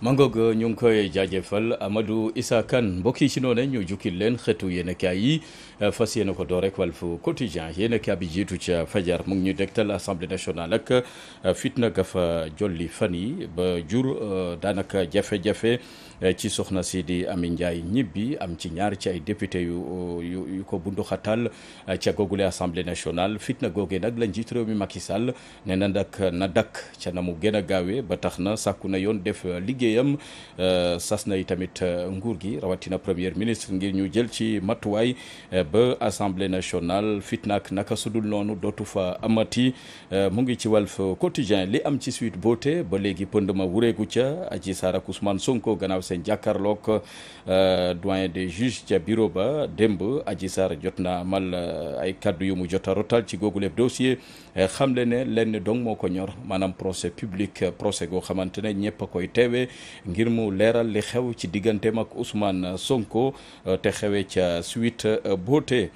mangoog ñu ngi koy jaajëfal amadu Issa Kane mbokk yi ci noonu ñu jukkil leen xeetu yéenekaay yi fas yéene ko door rek Walf Quotidien yéenekaay bi jiitu ca fajar mu ngi ñu dégtal assemblée nationale ak euh, fitna ga fa jolli fan yi ba jur euh, daanaka jafe-jafe euh, ci soxna si di Amy Ndiaye ñibbi am ci ñaar ci ay député yu yu yu ko bunduxatal ca googule assemblée nationale fitna googe nag la njiit réew mi Macky Sall ne na nag na dakk ca na mu gën a gaawee ba tax na sàkku na yoon def liggéey. liggéeyam euh, sas nay tamit euh, nguur gi rawatina première ministre ngir ñu jël ci mattuwaay euh, ba assemblée nationale fitnaak naka sudul noonu dootu fa amati mu ngi ci Walf Quotidien li am ci suite boote ba léegi pënd ma wureegu ca Adji Sarr ak Ousmane Sonko gannaaw seen jàkkaarloog doyen des juges ca bureau ba démb aji Sarr jot na amal ay kaddu yu mu jot a rotal ci googu lépp dossier xam le ne dong moo ko ñor maanaam procès public procès goo xamante ne a ngir mu leeral li xew ci digganteem ak Ousmane Sonko euh, te xewee ca suite euh, beauté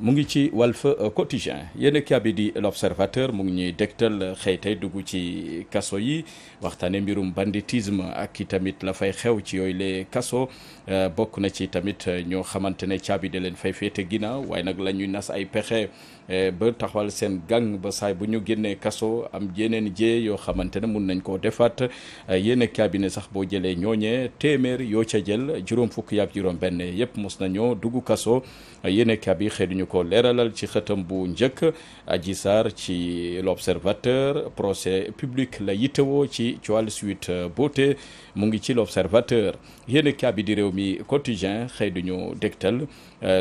mu ngi ci Walf Quotidien yéen a bi di l'observateur mu ngi ñuy dégtal xëy tey dugg ci kaso yi waxtaane mbirum banditisme ak i tamit la fay xew ci yooyu les kaso euh, bokk na ci tamit ñoo xamante ne caabi da leen fay féete ginnaaw waaye nag la ñuy nas ay pexe Eh, ba taxawal seen gang ba saay bu ñu génnee kaso am yeneen jee yoo xamante ne mun nañ koo defaat eh, yenn ne sax boo jëlee ñooñee téeméer yoo ca jël juróom fukk yaak juróom benn yëpp mos nañoo dugg kaso eh, yenn cabinet xëy duñu ko leeralal ci xëtam bu njëkk Adji Sarr ci l'observateur procès public la yittewoo ci ci wàllu suite beauté mu ngi ci l'observateur yenn cabinet di réew mi quotidien xëy duñu dégtal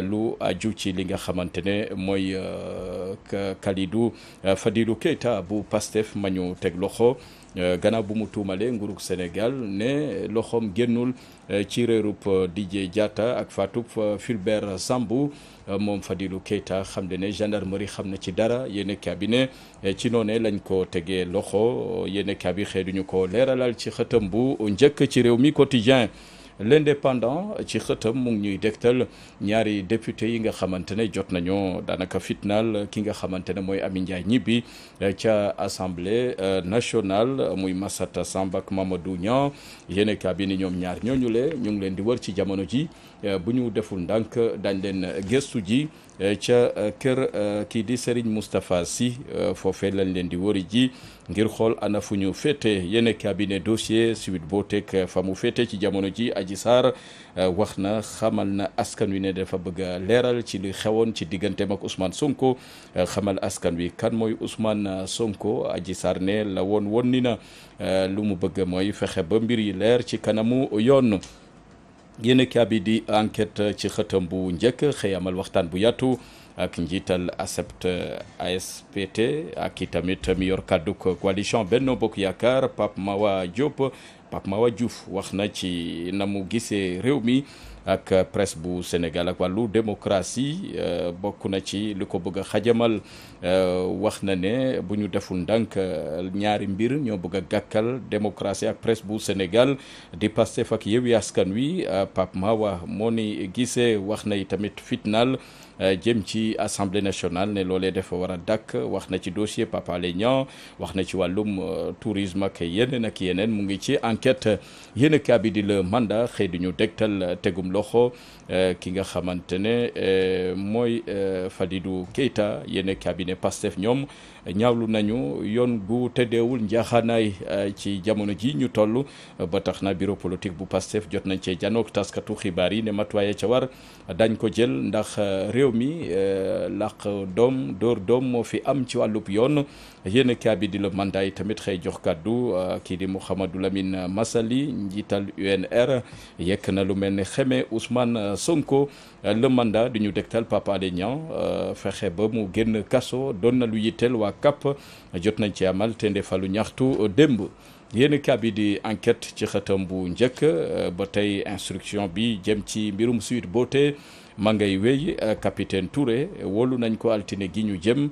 lu aju ci li nga xamante ne mooy euh, Kalidou euh, Fadilou Keita bu Pastef ma teg loxo euh, gannaaw bu mu tuumale nguurug Sénégal ne loxoom génnul euh, ci réerub Didier Diatta ak faatub Fulbert Sambou moom Fadilou Keita xam ne ne gendarmerie xam na ci dara yéen cabinet ci noone lañ ko tegee loxo yéen cabinet xëy duñu ko leeralal ci xëtam bu njëkk ci réew mi quotidien l'indépendant ci xëtam mu ngi ñuy dégtal ñaari député yi nga xamante ne jot nañoo daanaka fitnaal ki nga xamante ne mooy Amy Ndiaye Gniby eh, ca assemblée eh, nationale muy Massata Samb ak Mamadou Niang kaa bi ni ñoom ñaar ñooñu le ñu ngi leen di wër ci jamono ji eh, bu ñu deful ndànk dañ leen gëstu ji ca kër kii di Serigne Moustapha si foofee lañ leen di wëri ji ngir xool ana fu ñu féete yéen kaa bi dossier suite boo teg fa mu féete ci jamono ji. Adji Sarr euh, wax na xamal na askan wi ne dafa bëgg leeral ci li xewoon ci digganteem ak Ousmane Sonko euh, xamal askan wi kan mooy Ousmane euh, Sonko Adji la woon woon ni na lu mu bëgg mooy fexe ba mbir yi leer ci kanamu yoon. yéen a bi di enquête ci xëtam bu njëkk xëy amal waxtaan bu yàttu ak njiital ACEPT ASPT ak i tamit mi yor kàdduk coalition Benno Bokk Yaakaar Pape Mawa Diop Pape Mawa Diouf wax na ci na mu gisee réew mi ak presse bu Sénégal ak wàllu démocratie euh, bokk na ci lu ko bëgg a xajamal euh, wax na ne bu ñu deful ndànk euh, ñaari mbir ñoo bëgg a gàkkal démocratie ak presse bu Sénégal di Pastef ak Yewwi Askan Wi Pape Mawa moo ni gisee wax na tamit fitnaal jëm ci assemblée nationale ne loolee dafa war a dàkk wax na ci dossier Papa Alé wax na ci wàllum tourisme ak yeneen ak yeneen mu ngi ci enquête yéen a kaa bi di la mandat xëy di ñu dégtal tegum am loxo eh, ki nga xamante ne eh, mooy eh, Fadilou Keita yene cabinet Pastef ñoom ñaawlu nañu yoon gu tëddeewul njaaxaanaay ci jamono ji ñu toll ba tax na bureau politique bu Pastef jot nañ cee janook taskatu xibaar yi ne matuwaay ca war dañ ko jël ndax réew mi làq doom dóor doom moo fi am ci wàllub yoon yéen kaabi di la mandat tamit xëy jox kàddu kii di Mouhamadou Lamine Massaly njiital UNR yekk na lu mel ne xeme ne Ousmane euh, Sonko euh, le mandat du ñu dégtal Papa Alé Niang euh, fexe ba mu génn kaso doon na lu yitteel waa CAP jot nañ ci amal te ndefalu ñaxtu démb. yéen kaa bi di enquête ci xëtam bu njëkk ba tey instruction bi jëm ci mbirum Sweet Beauté ma ngay wéy capitaine Touré wolu nañ ko altine gi ñu jëm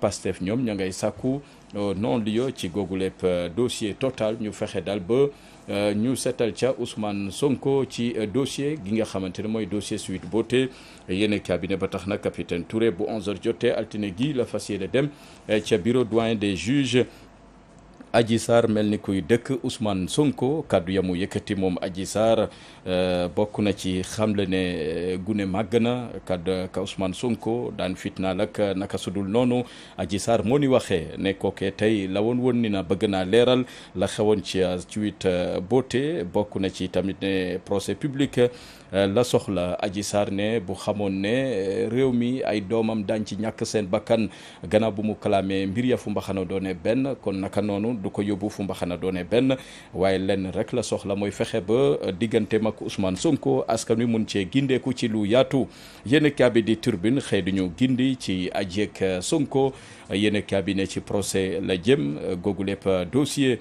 Pastef ñoom ña ngay sàkku non lieu ci googu lépp dossier total ñu fexe daal ba. Euh, ñu seetal ca Ousmane Sonko ci euh, dossier gi nga xamante ne mooy dossier Sweet Beauté yéen cabinet ba tax na capitaine ture bu 11h jotee altine gi la fas yéene dem euh, ca bureau doin des juges. Adji Sarr mel ni kuy dëkk Ousmane Sonko kàddu yamu yëkkati moom Adji Sarr euh, bokk na ci xamle ne euh, gune màgg na kàddu ka Ousmane Sonko daan fitnaal ak naka sudul noonu Adji Sarr moo ni waxee ne kookee tey la woon woon ni bëgg naa leeral la xewoon ci tweet euh, boote bokk na ci tamit ne procès public la soxla Adji Sarr ne bu xamoon ne réew mi ay doomam daan ci ñàkk seen bakkan ganaaw bu mu kalaamee mbir ya fu mbaxana doone benn kon naka noonu du ko yóbbu fu mbaxana doone benn waaye lenn rek la soxla mooy fexe ba diggante mag Ousmane Sonko askan wi mun cee gindeeku ci lu yaatu yéen kaabi di turbine xëy duñu gindi ci ajeeg Sonko yéen kaabi ne ci procès la jëm googu lépp dossier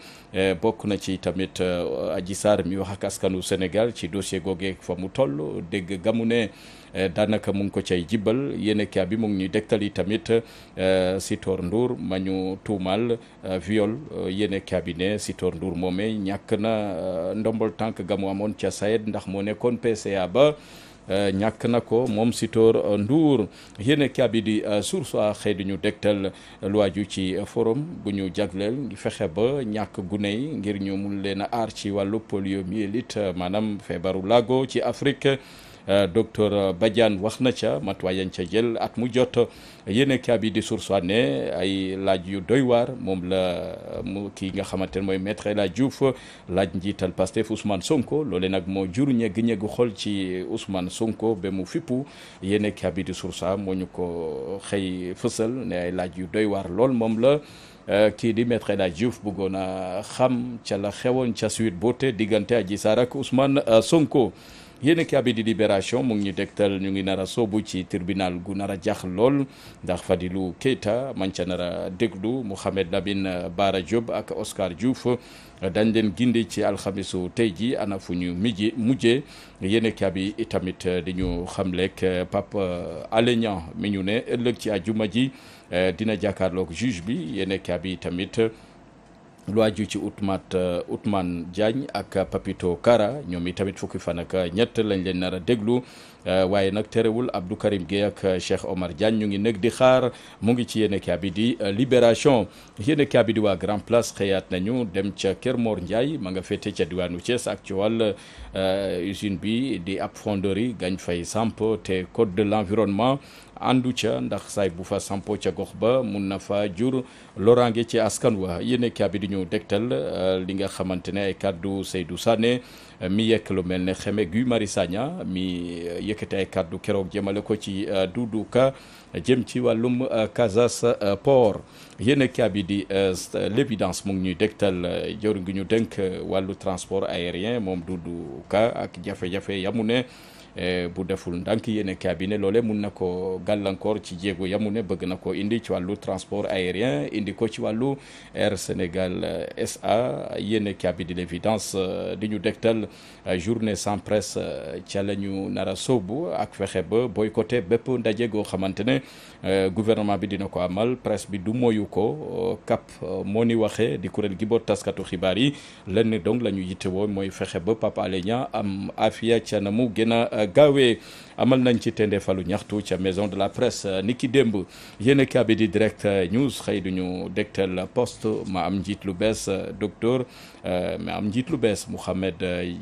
bokk na ci tamit Adji Sarr mi wax askanu Sénégal ci dossier googeeg fa mu toll dégg gamu ne Eh, daanaka mu ngi ko cay jibbal yéenekaay bi mu ngi ñuy dégtal yi tamit eh, Sitor Ndour ma ñu tuumaal eh, viol yéenekaay bi ne nduur Ndour moomee ñàkk na ndombol tànk ga mu amoon ca SAED ndax moo nekkoon PCA ba. ñàkk uh, na ko moom Sitor nduur Ndour yéen kaabi di uh, source xëy di ñu dégtal lu aju ci forum bu ñu jagleel fexe ba ñàkk gune yi ngir ñu mun leen a aar ci wàllu poliomyélite maanaam feebaru lago ci Afrique. Euh, docteur euh, Badiane wax na ca matuwaay yañ ca jël at mu jot euh, yenn kaa bi di sursoir ne ay laaj yu doy waar moom la mu kii nga xamante ne mooy maître El Hadj laaj njiital Pastef Ousmane Sonko loole nag moo jur ñegg ñegg xol ci Ousmane Sonko ba mu fippu yenn kaa bi di sursoir moo ñu ko xëy fësal ne ay laaj yu doy waar lool moom la. Uh, kii di maître El Hadj Diouf bëggoon a xam ca la xewoon ca Sweet Beauté diggante Adji Sarr ak Ousmane Sonko yéen a bi di libération mu ngi ñu dégtal ñu ngi nar a soobu ci tribunal gu nar a jax lool ndax fadilu Keita man ca nar a déglu Mouhamed Lamine Bara Diop ak Oscar Diouf dañ leen gindi ci alxamisu tey ji ana fu ñu mujj yenn yéen a bi itamit di ñu xamleeg Pape Alé Niang mi ñu ne ëllëg ci ajuma ji dina jàkkaarloog juge bi yéen a bi tamit. lu aju ci Outmat Outmane euh, Diagne ak Papito Kara ñoom i tamit fukki fan ak ñett lañ leen nar a déglu Euh, waaye nag terewul Abdou Karim Gueye ak euh, Cheikh Omar Diagne ñu ngi nag di xaar mu ngi ci yéene kaa bi di euh, Libération yéene kaa bi di waa Grand Place xëyaat nañu dem ca Kër Mor Ndiaye ma nga fete ca diwaanu Thiès ak ci wàll usine bi di ab fonderie gañ fay samp te code de l'environnement àndu ca ndax saay bu fa sampo ca gox ba mun na fa jur loraange ci askan wa yéene kaa bi di ñu degtal li nga xamante ne ay kàddu Seydou Sané mi yekk lu mel ne xeme Guy Marius Sagna mi euh, yëkkati ay kàddu keroog jëmale ko ci euh, Doudou Ka jëm ci wàllum euh, Casasport yéen a kaabi di l'évidence mu ngi ñuy dégtal jëwriñ gi ñu dénk wàllu transport aérien moom Doudou Ka ak jafe-jafe yamu ne Eh, bu deful ndànk yéen cabinet loole mun na ko gàllankoor ci jéego yamu ne bëgg na ko indi ci wàllu transport aérien indi ko ci wàllu Air Sénégal eh, SA yéen cabinet de l'évidence eh, di ñu dégtal journée sans presse ca la ñu nar a sóobu ak fexe ba boycotté bépp ndaje goo xamante ne gouvernement bi dina ko amal presse bi du moyu ko cap moo ni waxe di kuréel gi boot taskatu xibaar yi lenn donc la ñu yittewoo mooy fexe ba Pape Alé Niang am afia ca na mu gën gaawee amal nañ ci tendeefalu ñaxtu ca maison de la presse euh, ni ki démb yéen a kaabi di direct euh, news xëy duñu dégtal poste ma am njiit lu bees euh, docteur ma am njiit lu bees Mouhamed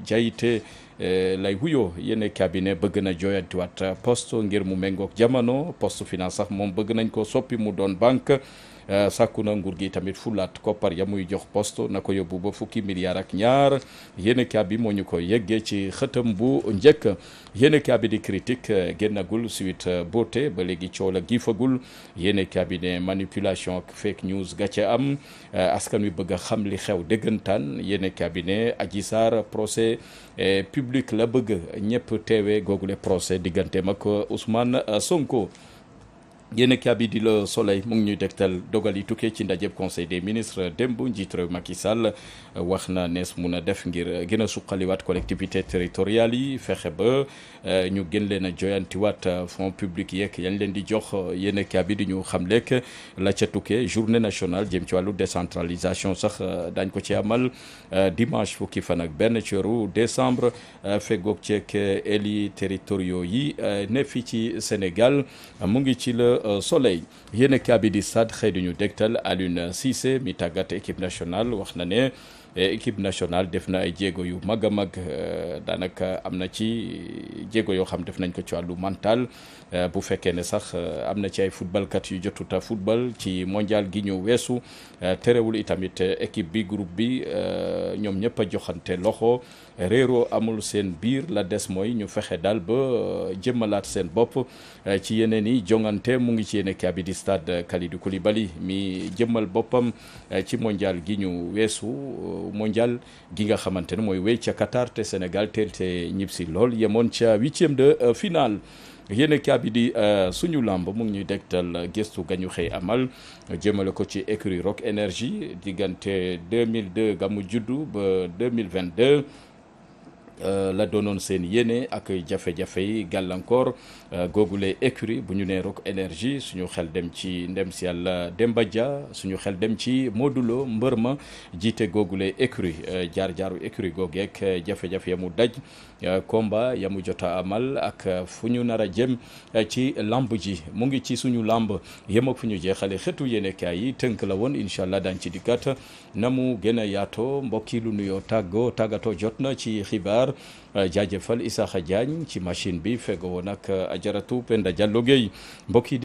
Diaité Eh, lay wuyoo yéen cabinet bëgg na jooyantiwaat poste ngir mu méngoog jamono post finance sax moom bëgg nañ ko soppi mu doon banque eh, sàkku na nguur gi tamit fulaat koppar ya muy jox poste na ko yóbbu ba fukki milliards ak ñaar yéenekaay bi moo ñu ko yeggee ci xëtam bu njëkk yéenekaay bi di critique uh, génnagul suite uh, boote ba léegi coow la giifagul yéenekaay bi manipulation ak fake news gàcce am askan wi bëgg a xam li xew dëggantaan yéenekaay bi ne procès publique la bëgg ñëpp teewee googule procès digganteem ak Ousmane Sonko. yéen a bi di Le Soleil mu ngi ñuy dégtal dogal yi tukkee ci ndajeb conseil des ministres démb njiit réew Macky Sall euh, wax na nees mun a def ngir gën a suqaliwaat collectivité territoriales yi fexe ba euh, ñu gën leen a joyantiwaat euh, fonds public yeeg yañ leen di jox yéen a bi di ñu xam lekk la ca tukkee journée nationale jëm ci wàllu décentralisation sax dañ ko ci amal dimanche fukki fan ak benn ci weeru décembre feggoog ceek éli territoriaux yi ne fii ci Sénégal mu ngi ci la. le euh, soleil yéen a bi di Stades xëy duñu dégtal Aliou Cissé mi tàggat équipe nationale wax na ne eh, équipe nationale def na ay jéego yu mag a mag euh, daanaka am na ci jéego yoo xam def nañ ko ci wàllu mental euh, bu fekkee ne sax am na ci ay footballkat yu jotuta football ci mondial gi ñu weesu terewul itamit équipe bi groupe bi ñoom ñëpp a joxante loxo. réeroo amul seen biir la des mooy ñu fexe daal ba euh, jëmmalaat seen bopp euh, ci yeneen i jongante mu ngi ci yéene kaabi di stade euh, Kalidou bali mi jëmmal boppam ci mondial gi ñu weesu mondial gi nga xamante ne mooy wéy ca Qatar te Sénégal teel te ñib si lool yemoon ca huitième de finale yéene kaabi di suñu làmb mu ngi ñuy degtal gëstu gañu xëy amal jëmale ko ci écurie Rock Énergie diggante 2002 ga mu juddu ba 2022 Euh, la doonoon seen yéene ak jafe-jafe yi gàllankoor euh, googule écurie bu ñu nee Rock Énergie suñu xel dem ci ndem si yàlla Demba Dia suñu xel dem ci Modou mbër ma jiite googule écurie euh, jaar-jaaru écurie googeek jafe-jafe ya mu daj combat ya mu jota amal ak fu ñu nar a jëm ci lamb ji mu ngi ci suñu lamb yem ak fu ñu jeexale xetu yéenekaay yi tënk la woon incha allah daañu ci dikkat na mu gën a yaatoo mbokk yi lu nuyoo tàggoo tàggatoo jot na ci xibaar. Sarr eh, jaajëfal Isaaxa Diagne ci machine bi fego woon ak eh, Ajaratu Penda Diallo Gueye mbokk yi